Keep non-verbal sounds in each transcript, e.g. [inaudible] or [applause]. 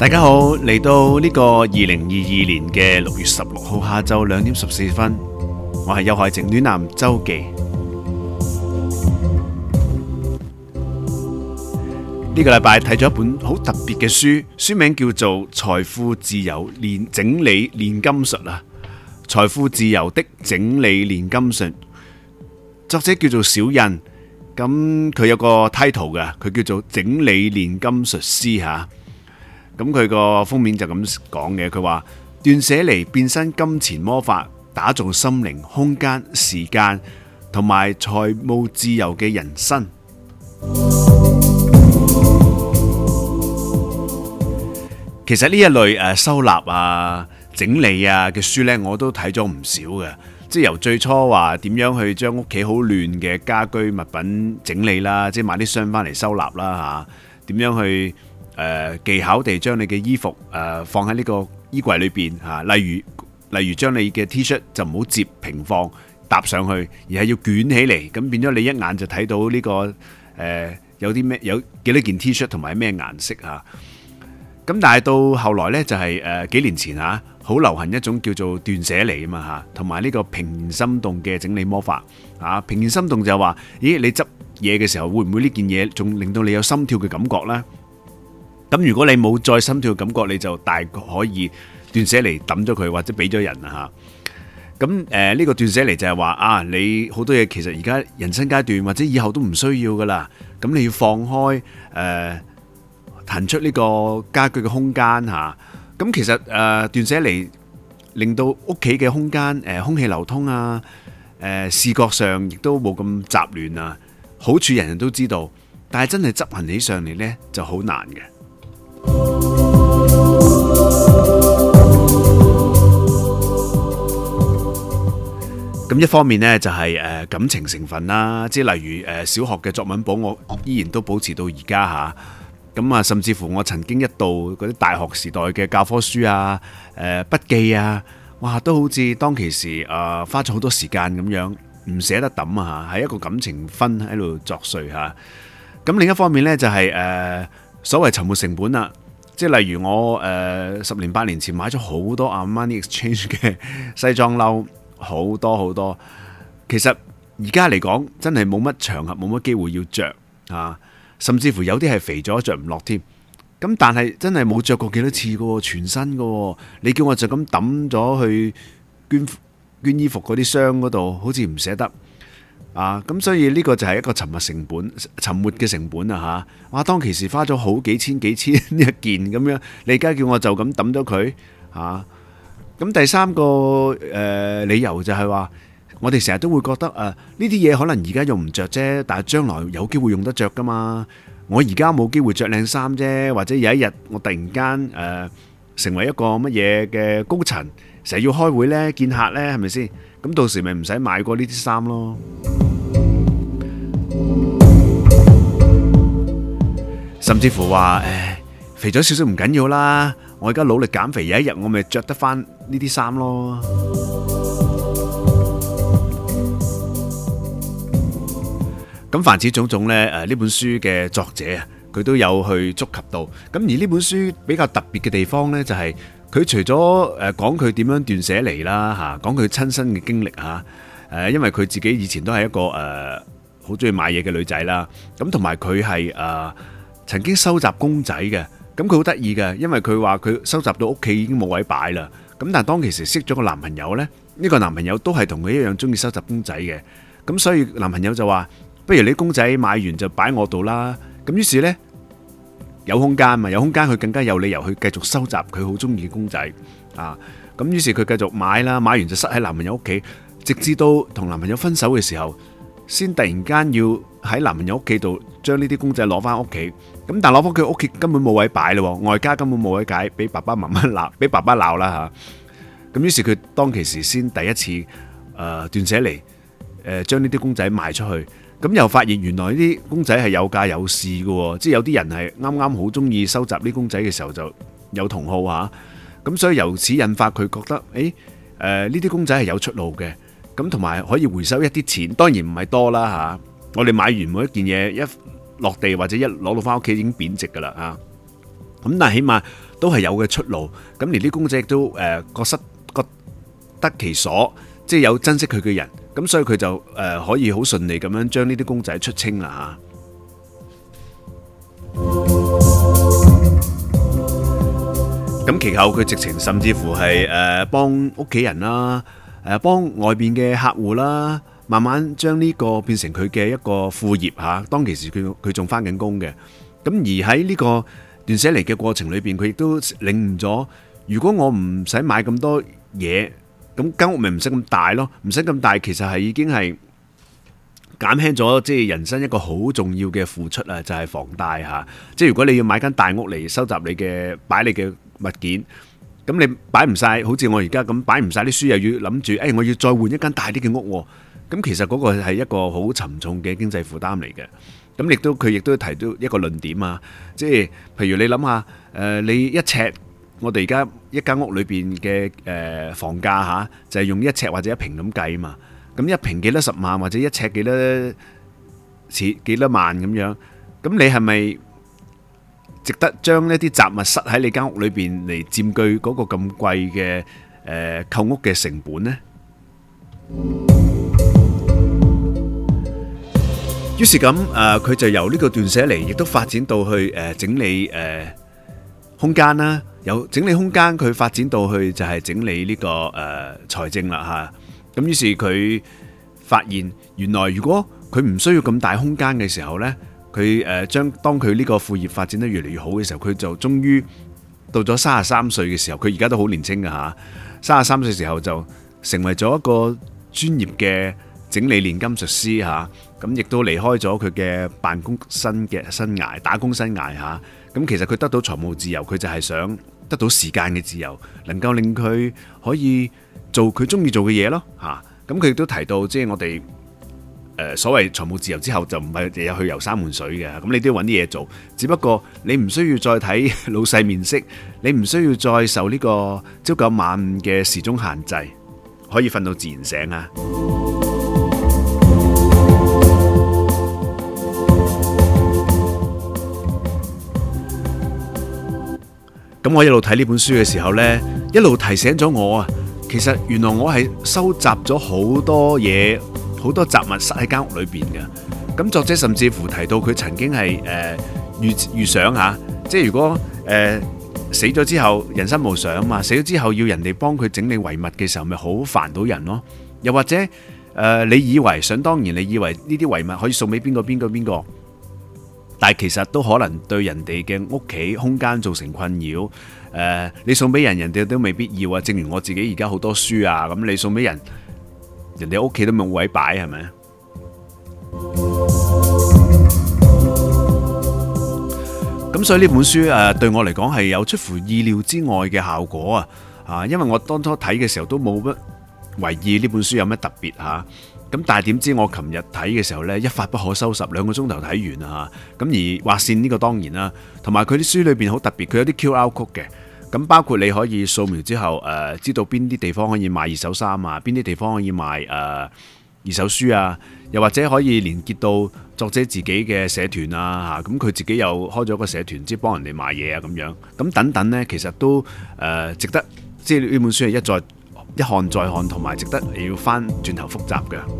大家好，嚟到呢個二零二二年嘅六月十六號下晝兩點十四分，我係邱海靖暖男週記。呢、這個禮拜睇咗一本好特別嘅書，書名叫做《財富自由煉整理煉金術》啊，《財富自由的整理煉金術》，作者叫做小印，咁佢有個 title 嘅，佢叫做《整理煉金術師》吓。咁佢個封面就咁講嘅，佢話斷捨離變身金錢魔法，打造心靈空間、時間同埋財務自由嘅人生。 [music] 其實呢一類誒收納啊、整理啊嘅書呢，我都睇咗唔少嘅，即係由最初話點樣去將屋企好亂嘅家居物品整理啦，即係買啲箱翻嚟收納啦吓，啊，點樣去。誒，技巧地將你嘅衣服誒放喺呢個衣櫃裏邊吓，例如例如將你嘅 T-shirt 就唔好折平放搭上去，而係要捲起嚟，咁變咗你一眼就睇到呢個誒有啲咩有幾多件 T-shirt 同埋咩顏色吓。咁但係到後來咧就係誒幾年前啊，好流行一種叫做斷捨離啊嘛吓，同埋呢個怦然心動嘅整理魔法啊，怦然心動就話，咦，你執嘢嘅時候會唔會呢件嘢仲令到你有心跳嘅感覺咧？咁如果你冇再心跳感覺，你就大概可以斷捨離抌咗佢，或者俾咗人嚇。咁誒呢個斷捨離就係話啊，你好多嘢其實而家人生階段或者以後都唔需要噶啦。咁你要放開誒、呃、騰出呢個家居嘅空間嚇。咁、啊、其實誒、呃、斷捨離令到屋企嘅空間誒、呃、空氣流通啊，誒、呃、視覺上亦都冇咁雜亂啊。好處人人都知道，但係真係執行起上嚟呢就好難嘅。咁一方面呢，就係、是、誒感情成分啦，即係例如誒小學嘅作文簿，我依然都保持到而家吓。咁啊，甚至乎我曾經一度嗰啲大學時代嘅教科書啊、誒筆記啊，哇，都好似當其時啊花咗好多時間咁樣，唔捨得抌啊，喺一個感情分喺度作祟吓。咁另一方面呢，就係、是、誒。呃所謂沉沒成本啦，即係例如我誒十年八年前買咗好多 Armani Exchange 嘅西裝褸，好多好多。其實而家嚟講真係冇乜場合，冇乜機會要着，啊，甚至乎有啲係肥咗着唔落添。咁但係真係冇着過幾多次嘅喎，全新嘅喎。你叫我就咁抌咗去捐捐衣服嗰啲箱嗰度，好似唔捨得。啊，咁所以呢個就係一個沉沒成本、沉沒嘅成本啦嚇。哇，當其時花咗好幾千、幾千一件咁樣，你而家叫我就咁抌咗佢嚇？咁第三個誒理由就係話，我哋成日都會覺得誒呢啲嘢可能而家用唔著啫，但係將來有機會用得著噶嘛。我而家冇機會著靚衫啫，或者有一日我突然間誒成為一個乜嘢嘅高層，成日要開會咧、見客咧，係咪先？咁到時咪唔使買過呢啲衫咯，甚至乎話誒肥咗少少唔緊要啦，我而家努力減肥，有一日我咪著得翻呢啲衫咯。咁凡此種種呢，誒呢本書嘅作者啊，佢都有去觸及到。咁而呢本書比較特別嘅地方呢，就係。佢除咗誒講佢點樣斷捨離啦嚇，講佢親身嘅經歷嚇，誒因為佢自己以前都係一個誒好中意買嘢嘅女仔啦，咁同埋佢係誒曾經收集公仔嘅，咁佢好得意嘅，因為佢話佢收集到屋企已經冇位擺啦，咁但係當其時識咗個男朋友呢，呢個男朋友都係同佢一樣中意收集公仔嘅，咁所以男朋友就話，不如你公仔買完就擺我度啦，咁於是呢。有空間嘛？有空間佢更加有理由去繼續收集佢好中意嘅公仔啊！咁於是佢繼續買啦，買完就塞喺男朋友屋企，直至到同男朋友分手嘅時候，先突然間要喺男朋友屋企度將呢啲公仔攞翻屋企。咁但攞翻佢屋企根本冇位擺咯，外家根本冇位擺，俾爸爸媽媽鬧，俾爸爸鬧啦嚇。咁於是佢當其時先第一次誒斷捨離，誒將呢啲公仔賣出去。咁又發現原來呢啲公仔係有價有市㗎喎，即係有啲人係啱啱好中意收集呢公仔嘅時候就有同好嚇，咁所以由此引發佢覺得，誒，誒呢啲公仔係有出路嘅，咁同埋可以回收一啲錢，當然唔係多啦嚇。我哋買完每一件嘢一落地或者一攞到返屋企已經貶值㗎啦嚇，咁但係起碼都係有嘅出路，咁連啲公仔都誒各失各得其所。即係有珍惜佢嘅人，咁所以佢就誒可以好順利咁樣將呢啲公仔出清啦吓。咁其後佢直情甚至乎係誒幫屋企人啦，誒幫外邊嘅客戶啦，慢慢將呢個變成佢嘅一個副業吓。當其時佢佢仲返緊工嘅，咁而喺呢個斷捨離嘅過程裏邊，佢亦都領悟咗，如果我唔使買咁多嘢。咁間屋咪唔使咁大咯，唔使咁大其實係已經係減輕咗即係人生一個好重要嘅付出啊，就係房貸吓。即係如果你要買間大屋嚟收集你嘅擺你嘅物件，咁你擺唔晒，好似我而家咁擺唔晒啲書，又要諗住，誒我要再換一間大啲嘅屋。咁其實嗰個係一個好沉重嘅經濟負擔嚟嘅。咁亦都佢亦都提到一個論點啊，即係譬如你諗下，誒你一尺。我哋而家一間屋裏邊嘅誒房價吓，就係用一尺或者一坪咁計嘛。咁一坪幾多十萬，或者一尺幾多千幾多萬咁樣。咁你係咪值得將呢啲雜物塞喺你間屋裏邊嚟佔據嗰個咁貴嘅誒購屋嘅成本呢？於是咁誒，佢就由呢個斷捨離，亦都發展到去誒整理誒空間啦。有整理空間，佢發展到去就係整理呢個誒財政啦嚇。咁於是佢發現原來如果佢唔需要咁大空間嘅時候咧，佢誒將當佢呢個副業發展得越嚟越好嘅時候，佢就終於到咗三十三歲嘅時候。佢而家都好年輕㗎嚇，三十三歲時候就成為咗一個專業嘅整理鍊金術師嚇。咁亦都離開咗佢嘅辦公新嘅生涯打工生涯嚇。咁其實佢得到財務自由，佢就係想，得到時間嘅自由，能夠令佢可以做佢中意做嘅嘢咯嚇。咁佢亦都提到，即係我哋、呃、所謂財務自由之後，就唔係日日去遊山玩水嘅。咁你都要揾啲嘢做，只不過你唔需要再睇老細面色，你唔需要再受呢個朝九晚五嘅時鐘限制，可以瞓到自然醒啊！我一路睇呢本書嘅時候呢，一路提醒咗我啊，其實原來我係收集咗好多嘢，好多雜物塞喺間屋裏邊嘅。咁作者甚至乎提到佢曾經係誒預預想下、啊，即係如果誒、呃、死咗之後人生無常嘛，死咗之後要人哋幫佢整理遺物嘅時候，咪好煩到人咯。又或者誒、呃，你以為想當然，你以為呢啲遺物可以送俾邊個邊個邊個？但其實都可能對人哋嘅屋企空間造成困擾。誒、呃，你送俾人，人哋都未必要啊。正如我自己而家好多書啊，咁你送俾人，人哋屋企都冇位擺係咪？咁、嗯、所以呢本書誒，對我嚟講係有出乎意料之外嘅效果啊！啊，因為我當初睇嘅時候都冇乜為意呢本書有咩特別吓。啊咁但係點知我琴日睇嘅時候呢，一發不可收拾兩個鐘頭睇完啊！咁而畫線呢個當然啦，同埋佢啲書裏面好特別，佢有啲 QR Code 嘅。咁包括你可以掃描之後，呃、知道邊啲地方可以買二手衫啊，邊啲地方可以買、呃、二手書啊，又或者可以連結到作者自己嘅社團啊，咁佢自己又開咗個社團，即幫人哋賣嘢啊咁樣。咁等等呢，其實都、呃、值得，即係呢本書係一再一看再看，同埋值得你要翻轉頭複雜嘅。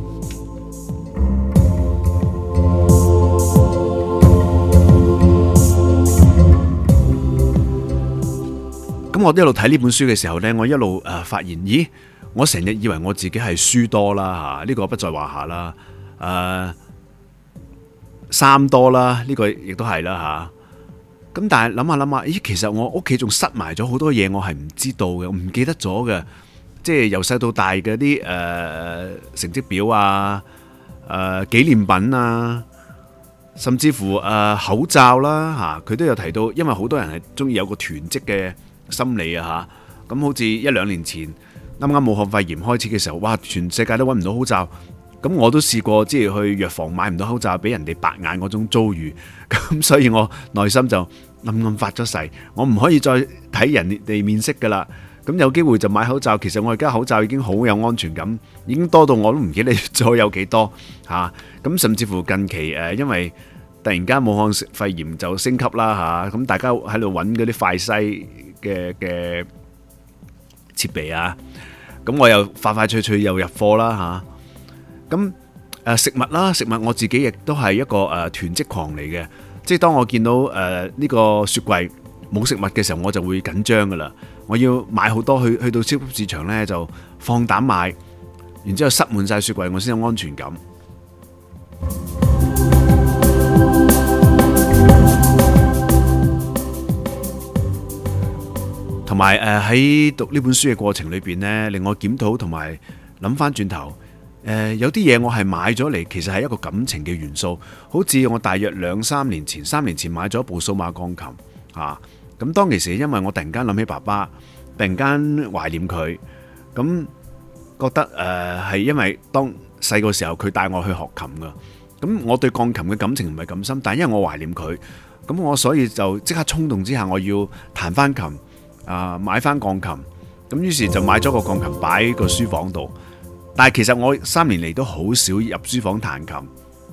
咁我一路睇呢本書嘅時候呢，我一路誒發現，咦！我成日以為我自己係書多啦嚇，呢個不在話下啦。誒、呃、衫多啦，呢個亦都係啦吓，咁但係諗下諗下，咦！其實我屋企仲塞埋咗好多嘢，我係唔知道嘅，唔記得咗嘅。即係由細到大嘅啲誒成績表啊、誒、呃、紀念品啊，甚至乎誒、呃、口罩啦、啊、嚇，佢都有提到，因為好多人係中意有個囤積嘅。心理啊，吓咁好似一兩年前啱啱武漢肺炎開始嘅時候，哇！全世界都揾唔到口罩，咁我都試過即係去藥房買唔到口罩，俾人哋白眼嗰種遭遇，咁所以我內心就暗暗發咗誓，我唔可以再睇人哋面色㗎啦。咁有機會就買口罩，其實我而家口罩已經好有安全感，已經多到我都唔記得再有幾多吓。咁甚至乎近期誒，因為突然間武漢肺炎就升級啦吓，咁大家喺度揾嗰啲快測嘅嘅設備啊，咁我又快快脆脆又入貨啦吓，咁、啊、誒、呃、食物啦，食物我自己亦都係一個誒、呃、囤積狂嚟嘅，即係當我見到誒呢、呃呢個雪櫃冇食物嘅時候，我就會緊張噶啦，我要買好多，去去到超級市場呢，就放膽買，然之後塞滿晒雪櫃，我先有安全感。同埋誒喺讀呢本書嘅過程裏邊呢，令我檢討同埋諗翻轉頭誒，有啲嘢我係買咗嚟，其實係一個感情嘅元素。好似我大約兩三年前、三年前買咗一部數碼鋼琴嚇。咁當其時，因為我突然間諗起爸爸，突然間懷念佢，咁覺得誒係因為當細個時候佢帶我去學琴㗎。咁我對鋼琴嘅感情唔係咁深，但因為我懷念佢，咁我所以就即刻衝動之下，我要彈翻琴。啊！買翻鋼琴，咁於是就買咗個鋼琴擺喺個書房度。但係其實我三年嚟都好少入書房彈琴，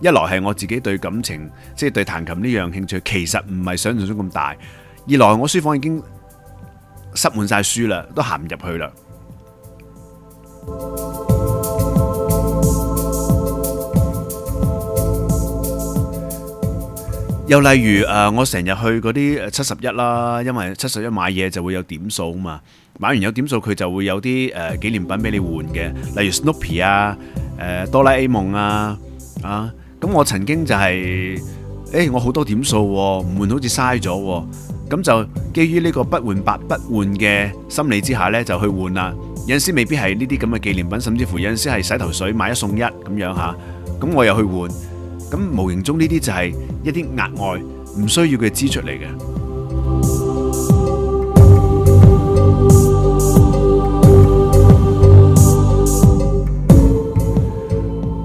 一來係我自己對感情，即係對彈琴呢樣興趣其實唔係想像中咁大；二來我書房已經塞滿晒書啦，都行唔入去啦。又例如誒，我成日去嗰啲七十一啦，因為七十一買嘢就會有點數嘛，買完有點數佢就會有啲誒紀念品俾你換嘅，例如 Snoopy 啊、誒哆啦 A 夢啊啊，咁我曾經就係誒我好多點數喎，唔換好似嘥咗喎，咁就基於呢個不換白不換嘅心理之下呢，就去換啦。有陣時未必係呢啲咁嘅紀念品，甚至乎有陣時係洗頭水買一送一咁樣嚇，咁我又去換。咁無形中呢啲就係一啲額外唔需要嘅支出嚟嘅。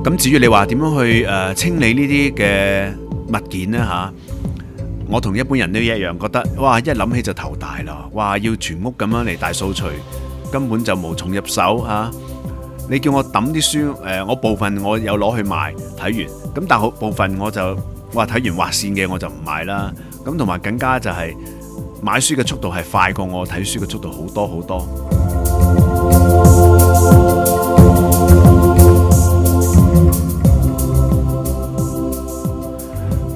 咁至於你話點樣去誒清理呢啲嘅物件呢？吓，我同一般人都一樣，覺得哇，一諗起就頭大啦。哇，要全屋咁樣嚟大掃除，根本就無從入手吓。你叫我抌啲書誒，我部分我有攞去賣，睇完。咁但係部分我就，我話睇完劃線嘅我就唔買啦。咁同埋更加就係、是、買書嘅速度係快過我睇書嘅速度好多好多。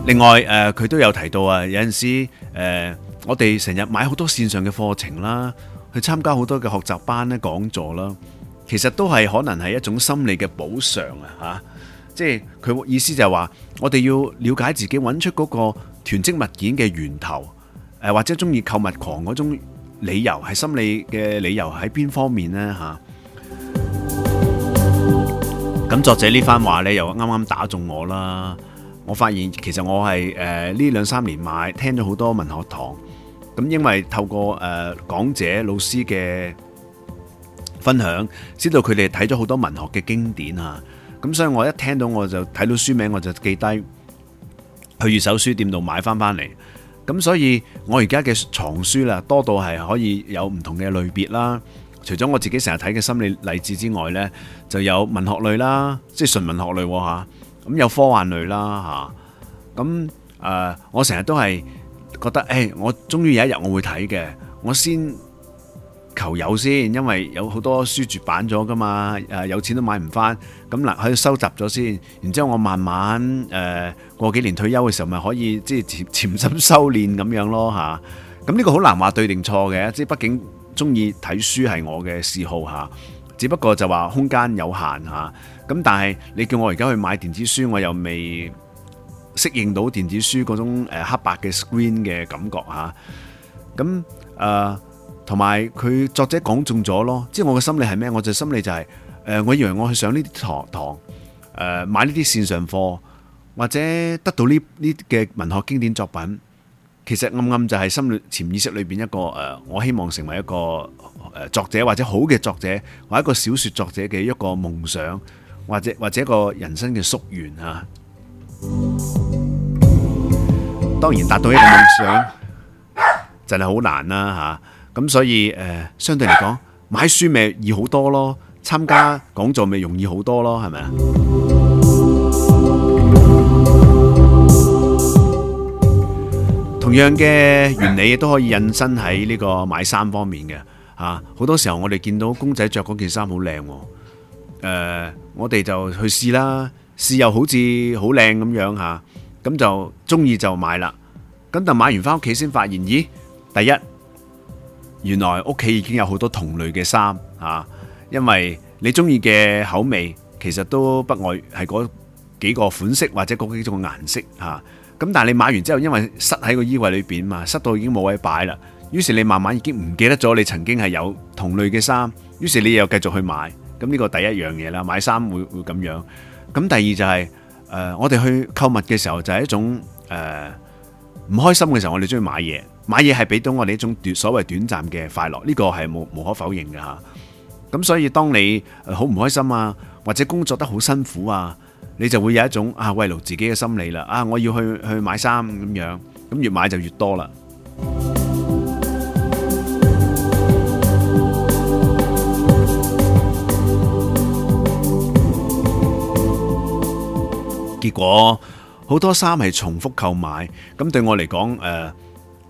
另外誒，佢、呃、都有提到啊，有陣時誒、呃，我哋成日買好多線上嘅課程啦，去參加好多嘅學習班咧、講座啦，其實都係可能係一種心理嘅補償啊嚇。即係佢意思就係話，我哋要了解自己揾出嗰個囤積物件嘅源頭，誒或者中意購物狂嗰種理由係心理嘅理由喺邊方面呢？嚇？咁作者呢番話呢又啱啱打中我啦！我發現其實我係誒呢兩三年買聽咗好多文學堂，咁因為透過誒、呃、講者老師嘅分享，知道佢哋睇咗好多文學嘅經典嚇。咁所以我一聽到我就睇到書名，我就記低去二手書店度買翻翻嚟。咁所以我而家嘅藏書啦，多到係可以有唔同嘅類別啦，除咗我自己成日睇嘅心理勵志之外呢，就有文學類啦，即係純文學類嚇，咁有科幻類啦嚇，咁誒我成日都係覺得誒我終於有一日我會睇嘅，我先。求有先，因為有好多書絕版咗噶嘛，誒，有錢都買唔返，咁嗱喺度收集咗先，然之後我慢慢誒、呃，過幾年退休嘅時候咪可以即係潛潛心修煉咁樣咯吓，咁、啊、呢、這個好難話對定錯嘅，即係畢竟中意睇書係我嘅嗜好吓，只不過就話空間有限吓，咁、啊、但係你叫我而家去買電子書，我又未適應到電子書嗰種誒黑白嘅 screen 嘅感覺吓，咁、啊、誒。呃同埋佢作者講中咗咯，即係我嘅心理係咩？我就心理就係、是、誒，我以為我去上呢啲堂，誒買呢啲線上課，或者得到呢呢嘅文學經典作品，其實暗暗就係心理潛意識裏邊一個誒，我希望成為一個誒作者或者好嘅作者或，者者或者一個小說作者嘅一個夢想，或者或者一個人生嘅夙願啊。當然達到一個夢想，真係好難啦、啊、吓。咁所以誒、呃，相對嚟講買書咪易好多咯，參加講座咪容易好多咯，係咪啊？嗯、同樣嘅原理都可以引申喺呢個買衫方面嘅吓。好、啊、多時候我哋見到公仔着嗰件衫好靚，誒、啊、我哋就去試啦，試又好似好靚咁樣吓，咁、啊、就鍾意就買啦。咁但買完返屋企先發現，咦，第一。原來屋企已經有好多同類嘅衫啊，因為你中意嘅口味其實都不外係嗰幾個款式或者嗰幾種顏色啊。咁但係你買完之後，因為塞喺個衣櫃裏邊嘛，塞到已經冇位擺啦。於是你慢慢已經唔記得咗你曾經係有同類嘅衫。於是你又繼續去買。咁呢個第一樣嘢啦，買衫會會咁樣。咁第二就係誒，我哋去購物嘅時候就係一種誒唔開心嘅時候，我哋中意買嘢。買嘢係俾到我哋一種短所謂短暫嘅快樂，呢個係無無可否認嘅㗎。咁所以當你好唔開心啊，或者工作得好辛苦啊，你就會有一種啊慰勞自己嘅心理啦。啊，我要去去買衫咁樣，咁越買就越多啦。結果好多衫係重複購買，咁對我嚟講誒。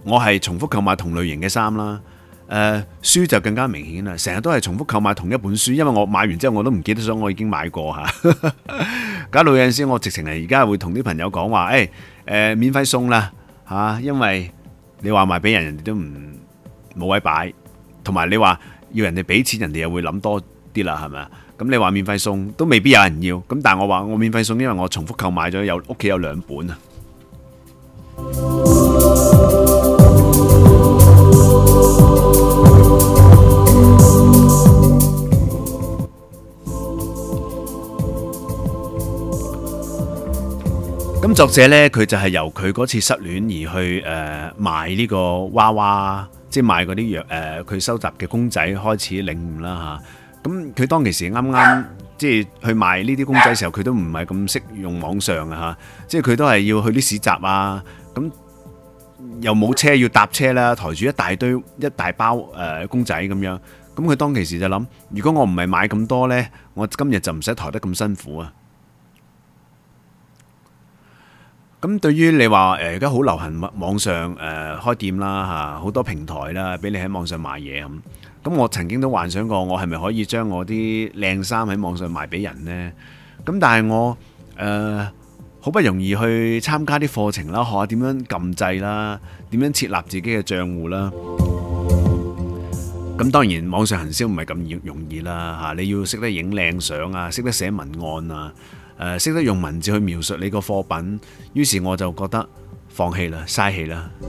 我係重複購買同類型嘅衫啦，誒書就更加明顯啦，成日都係重複購買同一本書，因為我買完之後我都唔記得咗我已經買過嚇，搞到有陣時我直情係而家會同啲朋友講話，誒，欸，呃，免費送啦嚇，啊，因為你話賣俾人，人哋都唔冇位擺，同埋你話要人哋俾錢，人哋又會諗多啲啦，係咪啊？咁你話免費送都未必有人要，咁但係我話我免費送，因為我重複購買咗有屋企有兩本啊。咁作者咧，佢就係由佢嗰次失戀而去誒，賣呢個娃娃，即係賣嗰啲藥誒，佢收集嘅公仔開始領悟啦吓。咁佢當其時啱啱即係去賣呢啲公仔時候，佢都唔係咁識用網上啊吓，即係佢都係要去啲市集啊。咁又冇車要搭車啦，抬住一大堆一大包誒公仔咁樣。咁佢當其時就諗，如果我唔係買咁多咧，我今日就唔使抬得咁辛苦啊。咁對於你話誒而家好流行網上誒開店啦嚇，好多平台啦，俾你喺網上賣嘢咁。咁我曾經都幻想過，我係咪可以將我啲靚衫喺網上賣俾人呢？咁但係我誒好不容易去參加啲課程啦，學下點樣撳掣啦，點樣設立自己嘅賬戶啦。咁當然網上行銷唔係咁容易啦嚇，你要識得影靚相啊，識得寫文案啊。誒識得用文字去描述你個貨品，於是我就覺得放棄啦，嘥氣啦。 [noise]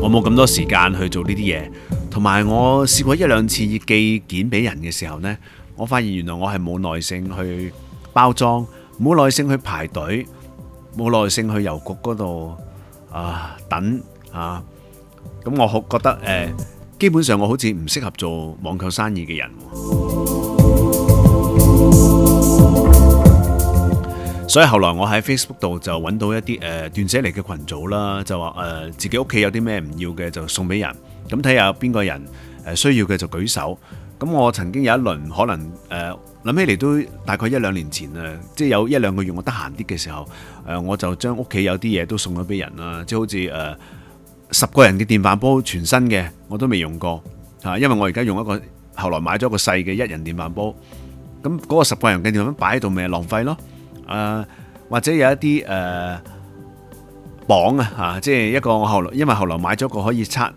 我冇咁多時間去做呢啲嘢，同埋我試過一兩次寄件俾人嘅時候呢，我發現原來我係冇耐性去包裝，冇耐性去排隊，冇耐性去郵局嗰度啊等啊。咁、嗯、我好覺得誒、呃，基本上我好似唔適合做網購生意嘅人。所以後來我喺 Facebook 度就揾到一啲誒斷捨離嘅群組啦，就話誒、呃、自己屋企有啲咩唔要嘅就送俾人，咁睇下邊個人誒需要嘅就舉手。咁我曾經有一輪可能誒諗、呃、起嚟都大概一兩年前啊，即係有一兩個月我得閒啲嘅時候，誒、呃、我就將屋企有啲嘢都送咗俾人啦，即係好似誒、呃、十個人嘅電飯煲全新嘅我都未用過嚇，因為我而家用一個，後來買咗個細嘅一人電飯煲，咁嗰個十個人嘅電飯煲擺喺度咪浪費咯。誒、呃、或者有一啲誒磅啊嚇，即係一個我後來，因為後來買咗個可以測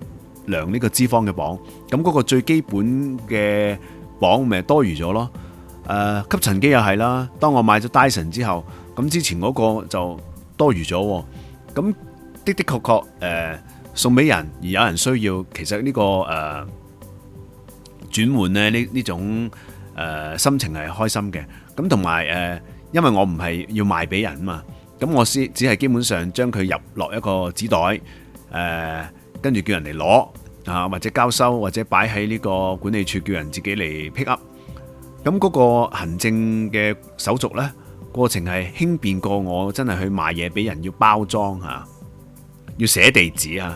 量呢個脂肪嘅磅。咁嗰個最基本嘅磅咪多餘咗咯。誒、呃、吸塵機又係啦，當我買咗戴森之後，咁之前嗰個就多餘咗。咁的的確確誒、呃、送俾人而有人需要，其實呢、呢個誒、呃、轉換咧呢呢種誒、呃、心情係開心嘅。咁同埋誒、呃因為我唔係要賣俾人嘛，咁我先只係基本上將佢入落一個紙袋，誒，跟住叫人嚟攞啊，或者交收，或者擺喺呢個管理處叫人自己嚟 pick up。咁嗰個行政嘅手續呢，過程係輕便過我真係去賣嘢俾人要包裝啊，要寫地址啊。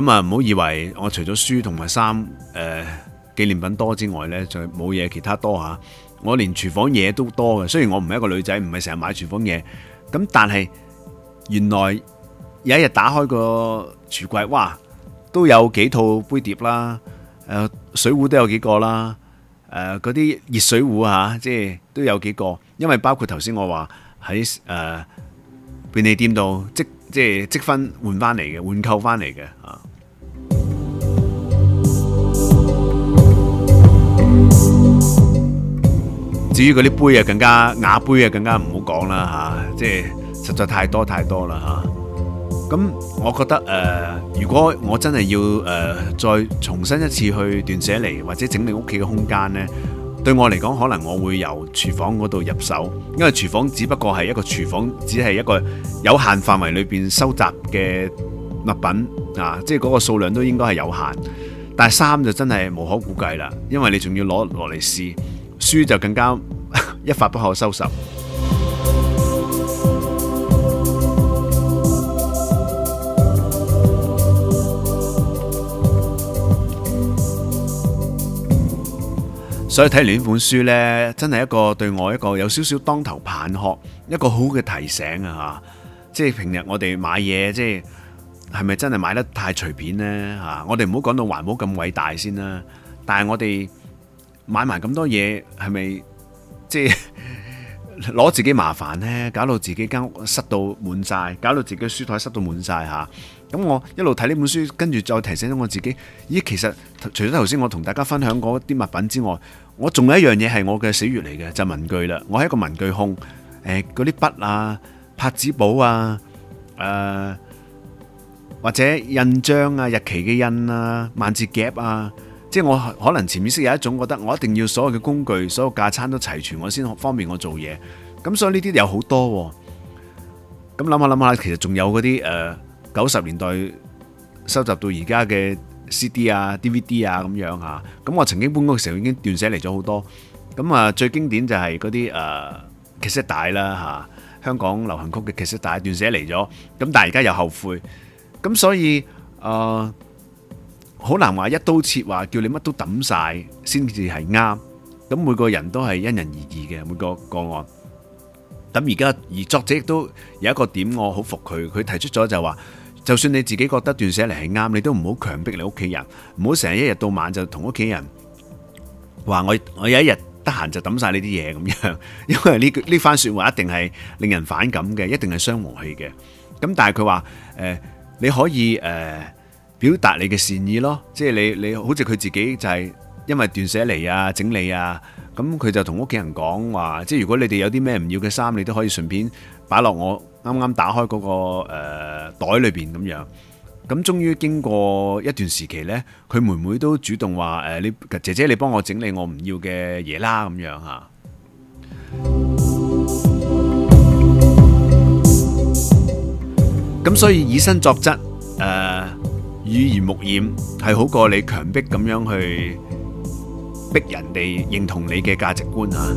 咁啊，唔好以為我除咗書同埋衫誒紀念品多之外呢，就冇嘢其他多吓。我連廚房嘢都多嘅，雖然我唔係一個女仔，唔係成日買廚房嘢。咁但係原來有一日打開個櫥櫃，哇，都有幾套杯碟啦，誒、呃、水壺都有幾個啦，誒嗰啲熱水壺吓、啊，即係都有幾個。因為包括頭先我話喺誒便利店度積即係積分換翻嚟嘅，換購翻嚟嘅啊。至於嗰啲杯，杯啊，更加瓦杯啊，更加唔好講啦嚇，即係實在太多太多啦嚇。咁、啊、我覺得誒、呃，如果我真係要誒、呃、再重新一次去斷捨離或者整理屋企嘅空間呢，對我嚟講，可能我會由廚房嗰度入手，因為廚房只不過係一個廚房，只係一個有限範圍裏邊收集嘅物品啊，即係嗰個數量都應該係有限。但係衫就真係無可估計啦，因為你仲要攞落嚟試。書就更加一發不可收拾，所以睇完呢本書咧，真係一個對我一個有少少當頭棒喝，一個好嘅提醒啊！即係平日我哋買嘢，即係係咪真係買得太隨便呢？吓，我哋唔好講到環保咁偉大先啦、啊，但係我哋。買埋咁多嘢，係咪即係攞自己麻煩呢？搞到自己間屋塞到滿晒，搞到自己書台塞到滿晒吓。咁我一路睇呢本書，跟住再提醒咗我自己。咦，其實除咗頭先我同大家分享過嗰啲物品之外，我仲有一樣嘢係我嘅死穴嚟嘅，就文具啦。我係一個文具控，誒，嗰啲筆啊、拍紙簿啊、誒或者印章啊、日期嘅印啊、萬字夾啊。即係我可能潛意識有一種覺得，我一定要所有嘅工具、所有架撐都齊全，我先方便我做嘢。咁所以呢啲有好多。咁諗下諗下，其實仲有嗰啲誒九十年代收集到而家嘅 CD 啊、DVD 啊咁樣嚇。咁我曾經搬屋嘅時候已經斷捨離咗好多。咁啊最經典就係嗰啲誒卡式帶啦嚇，香港流行曲嘅卡式帶斷捨離咗。咁但係而家又後悔。咁所以誒。好難話一刀切，話叫你乜都抌晒先至係啱。咁每個人都係因人而異嘅，每個個案。咁而家而作者亦都有一個點我好服佢，佢提出咗就話，就算你自己覺得斷捨離係啱，你都唔好強迫你屋企人，唔好成日一日到晚就同屋企人話我我有一日得閒就抌晒呢啲嘢咁樣，因為呢句呢番說話一定係令人反感嘅，一定係傷和氣嘅。咁但係佢話誒，你可以誒。表達你嘅善意咯，即係你你好似佢自己就係因為斷捨離啊整理啊，咁佢就同屋企人講話，即係如果你哋有啲咩唔要嘅衫，你都可以順便擺落我啱啱打開嗰個誒袋裏邊咁樣。咁終於經過一段時期呢，佢妹妹都主動話誒，你姐姐你幫我整理我唔要嘅嘢啦咁樣吓。咁所以以身作則誒。呃耳濡目染，係好過你強迫咁樣去逼人哋認同你嘅價值觀啊！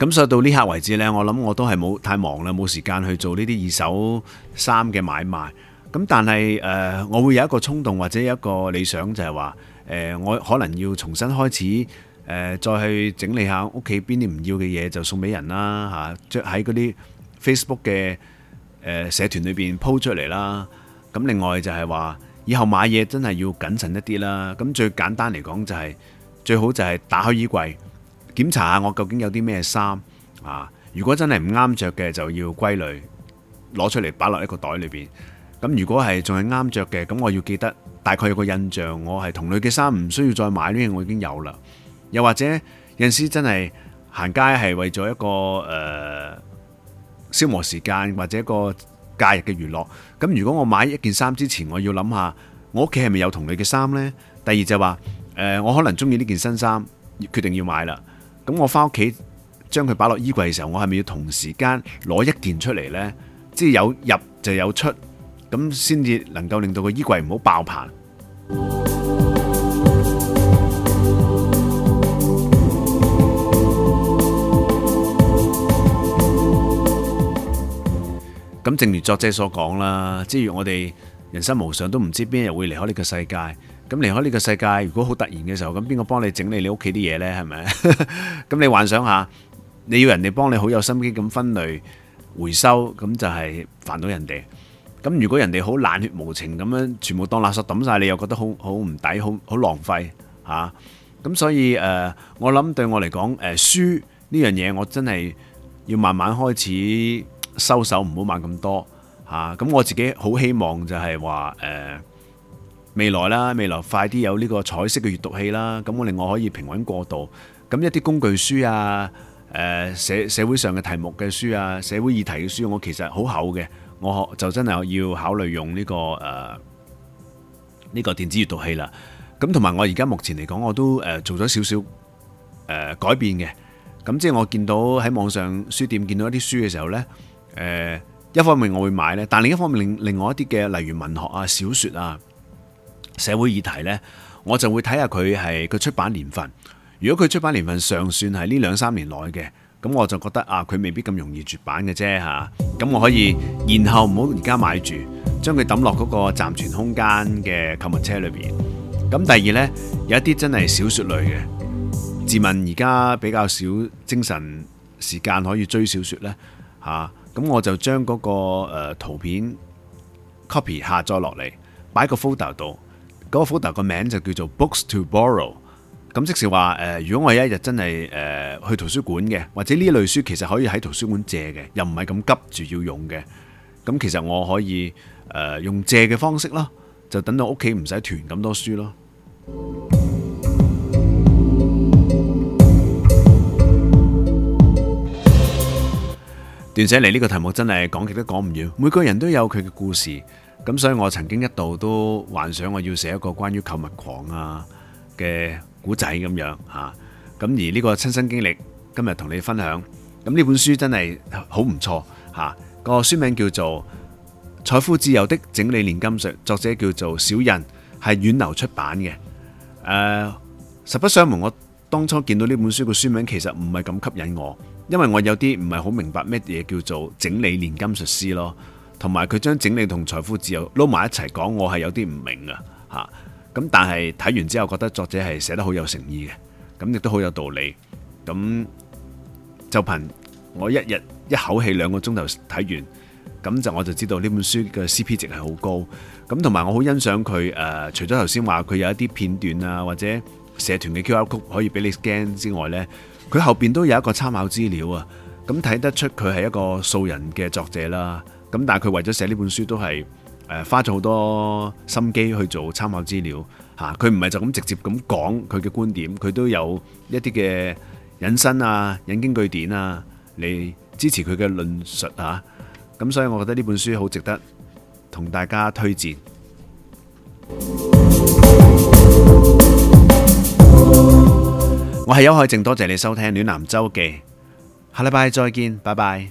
咁、嗯、所以到呢刻為止呢，我諗我都係冇太忙啦，冇時間去做呢啲二手衫嘅買賣。咁但係誒、呃，我會有一個衝動或者一個理想就，就係話誒，我可能要重新開始。誒，再去整理下屋企邊啲唔要嘅嘢，就送俾人啦嚇。著喺嗰啲 Facebook 嘅誒社團裏邊鋪出嚟啦。咁另外就係話，以後買嘢真係要謹慎一啲啦。咁最簡單嚟講就係最好就係打開衣櫃檢查下我究竟有啲咩衫啊。如果真係唔啱著嘅，就要歸類攞出嚟擺落一個袋裏邊。咁如果係仲係啱著嘅，咁我要記得大概有個印象，我係同類嘅衫唔需要再買呢，我已經有啦。又或者有時真係行街係為咗一個誒、呃、消磨時間，或者一個假日嘅娛樂。咁如果我買一件衫之前，我要諗下我屋企係咪有同類嘅衫呢？第二就話、是、誒、呃，我可能中意呢件新衫，決定要買啦。咁我返屋企將佢擺落衣櫃嘅時候，我係咪要同時間攞一件出嚟呢？即係有入就有出，咁先至能夠令到個衣櫃唔好爆棚。咁正如作者所講啦，即如我哋人生無常，都唔知邊日會離開呢個世界。咁離開呢個世界，如果好突然嘅時候，咁邊個幫你整理你屋企啲嘢呢？係咪？咁你幻想下，你要人哋幫你好有心機咁分類回收，咁就係煩到人哋。咁如果人哋好冷血無情咁樣，全部當垃圾抌晒，你又覺得好好唔抵，好好浪費吓。咁所以誒，我諗對我嚟講，誒書呢樣嘢，我真係要慢慢開始。收手唔好買咁多吓，咁我自己好希望就係話誒未來啦，未來快啲有呢個彩色嘅閲讀器啦，咁令我可以平穩過渡。咁一啲工具書啊，誒社社會上嘅題目嘅書啊，社會議題嘅書，我其實好厚嘅，我就真係要考慮用呢個誒呢個電子閲讀器啦。咁同埋我而家目前嚟講，我都誒做咗少少誒改變嘅。咁即係我見到喺網上書店見到一啲書嘅時候呢。誒、呃、一方面我會買呢，但另一方面另另外一啲嘅，例如文學啊、小説啊、社會議題呢，我就會睇下佢係佢出版年份。如果佢出版年份尚算係呢兩三年內嘅，咁我就覺得啊，佢未必咁容易絕版嘅啫嚇。咁、啊、我可以然後唔好而家買住，將佢抌落嗰個暫存空間嘅購物車裏邊。咁、啊、第二呢，有一啲真係小説類嘅，自問而家比較少精神時間可以追小説呢。嚇、啊。咁我就將嗰個誒圖片 copy 下載落嚟，擺個 photo 度、er。嗰、嗰個 photo 個、er、名就叫做 books to borrow。咁即係話誒、呃，如果我有一日真係誒、呃、去圖書館嘅，或者呢類書其實可以喺圖書館借嘅，又唔係咁急住要用嘅，咁其實我可以誒、呃、用借嘅方式囉，就等到屋企唔使囤咁多書咯。撰寫嚟呢個題目真係講極都講唔完，每個人都有佢嘅故事，咁所以我曾經一度都幻想我要寫一個關於購物狂啊嘅古仔咁樣吓，咁、啊、而呢個親身經歷今日同你分享，咁呢本書真係好唔錯吓，個、啊、書名叫做《財富自由的整理煉金術》，作者叫做小印，係遠流出版嘅。誒、啊，實不相瞞，我當初見到呢本書嘅書名其實唔係咁吸引我。因為我有啲唔係好明白咩嘢叫做整理煉金術師咯，同埋佢將整理同財富自由撈埋一齊講，我係有啲唔明啊嚇。咁但係睇完之後覺得作者係寫得好有誠意嘅，咁亦都好有道理。咁就憑我一日一口氣兩個鐘頭睇完，咁就我就知道呢本書嘅 CP 值係好高。咁同埋我好欣賞佢誒，除咗頭先話佢有一啲片段啊或者社團嘅 QR Code 可以俾你 Scan 之外呢。佢後邊都有一個參考資料啊，咁睇得出佢係一個素人嘅作者啦。咁但係佢為咗寫呢本書都係花咗好多心機去做參考資料嚇。佢唔係就咁直接咁講佢嘅觀點，佢都有一啲嘅引申啊、引經據典啊，嚟支持佢嘅論述啊。咁所以我覺得呢本書好值得同大家推薦。我係邱海靖，多謝你收聽《暖男周記》，下禮拜再見，拜拜。